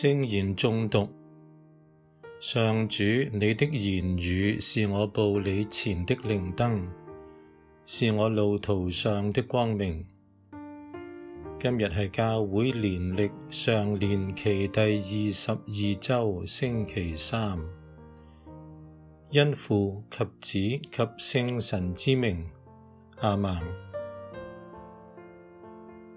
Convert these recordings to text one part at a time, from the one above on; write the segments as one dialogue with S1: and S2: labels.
S1: 聖言誦讀，上主，你的言語是我步履前的靈燈，是我路途上的光明。今日係教會年曆上常年期第二十二周星期三，因父及子及聖神之名，阿門。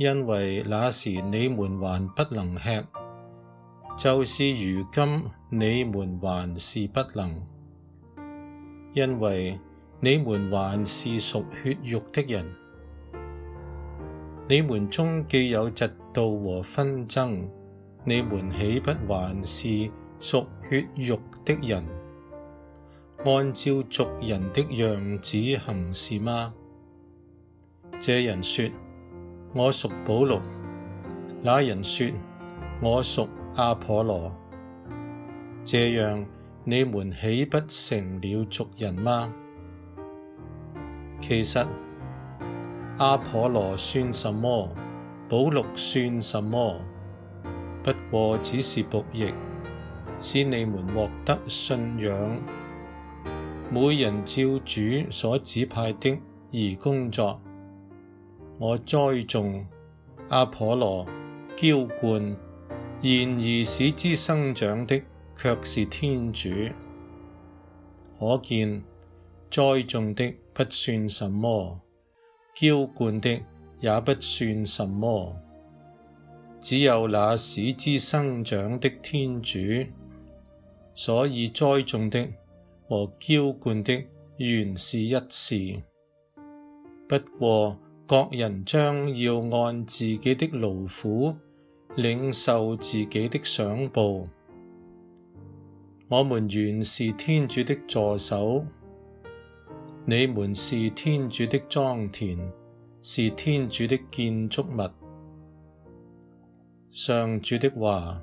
S1: 因為那時你們還不能吃，就是如今你們還是不能，因為你們還是屬血肉的人，你們中既有嫉妒和紛爭，你們豈不還是屬血肉的人，按照俗人的樣子行事嗎？這人說，我屬保祿，那人說，我屬阿頗羅，這樣，你們豈不成了俗人嗎？其實阿頗羅算什麼？保祿算什麼？不過只是僕役，使你們獲得信仰。每人照主所指派的而工作。我栽種，阿婆羅澆灌，然而使之生長的，却是天主。可見，栽種的不算什麼，澆灌的也不算什麼，只有那使之生長的天主。所以栽種的和澆灌的原是一事，不過。各人將要按自己的勞苦領受自己的賞報。我們原是天主的助手，你們是天主的莊田，是天主的建築物。上主的話。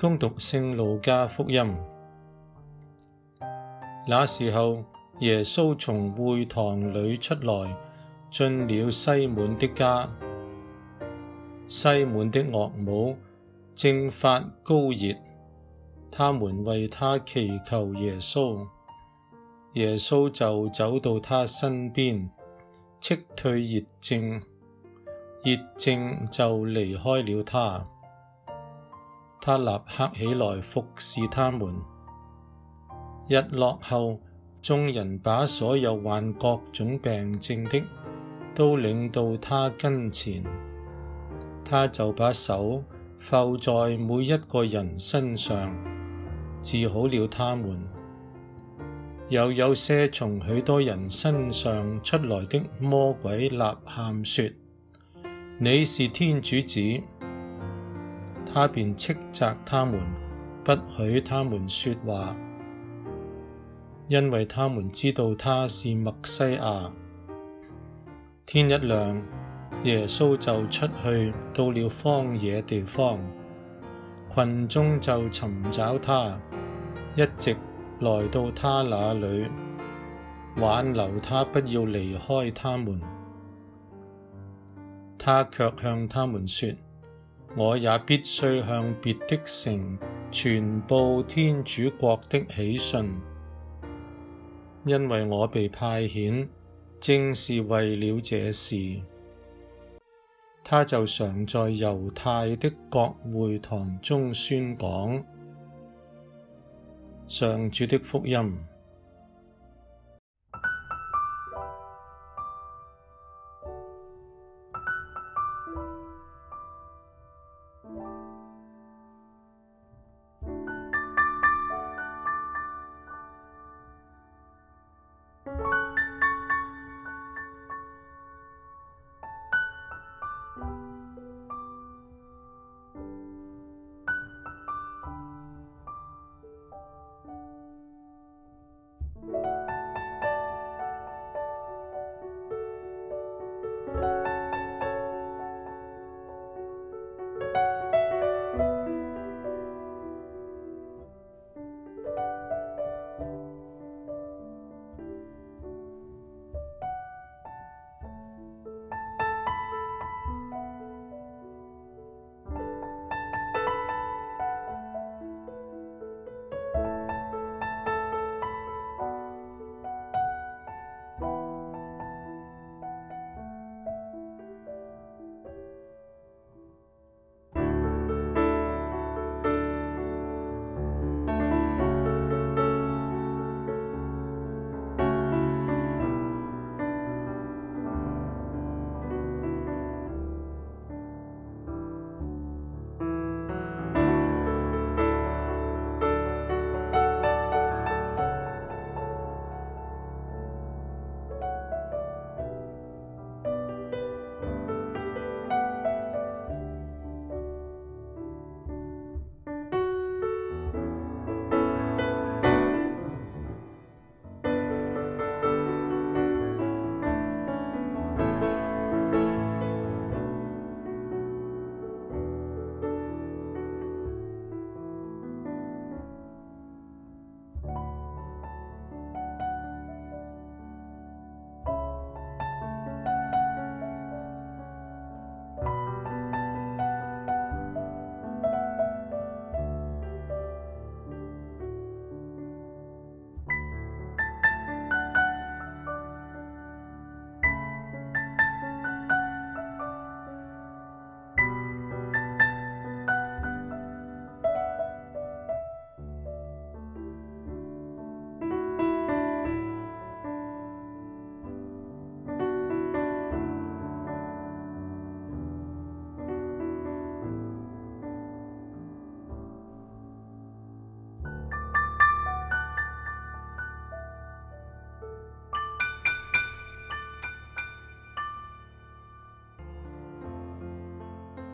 S1: 恭讀聖路加福音。那時候，耶穌從會堂裏出來，進了西滿的家。西滿的岳母正發高熱，他們為他祈求耶穌，耶穌就走到他身邊，斥退熱症，熱症就離開了他。他立刻起來服侍他們。日落後，眾人把所有患各種病症的都領到他跟前，他就把手覆在每一個人身上，治好了他們。又有些從許多人身上出來的魔鬼吶喊說：你是天主子。他便斥責他們，不許他們說話。因為他們知道他是默西亞。天一亮，耶穌就出去，到了荒野地方，群眾就尋找他，一直來到他那裏，挽留他不要離開他們。他卻向他們說：我也必須向別的城傳報天主國的喜訊。因為我被派遣，正是為了這事。他就常在猶太的各會堂中宣講。上主的福音。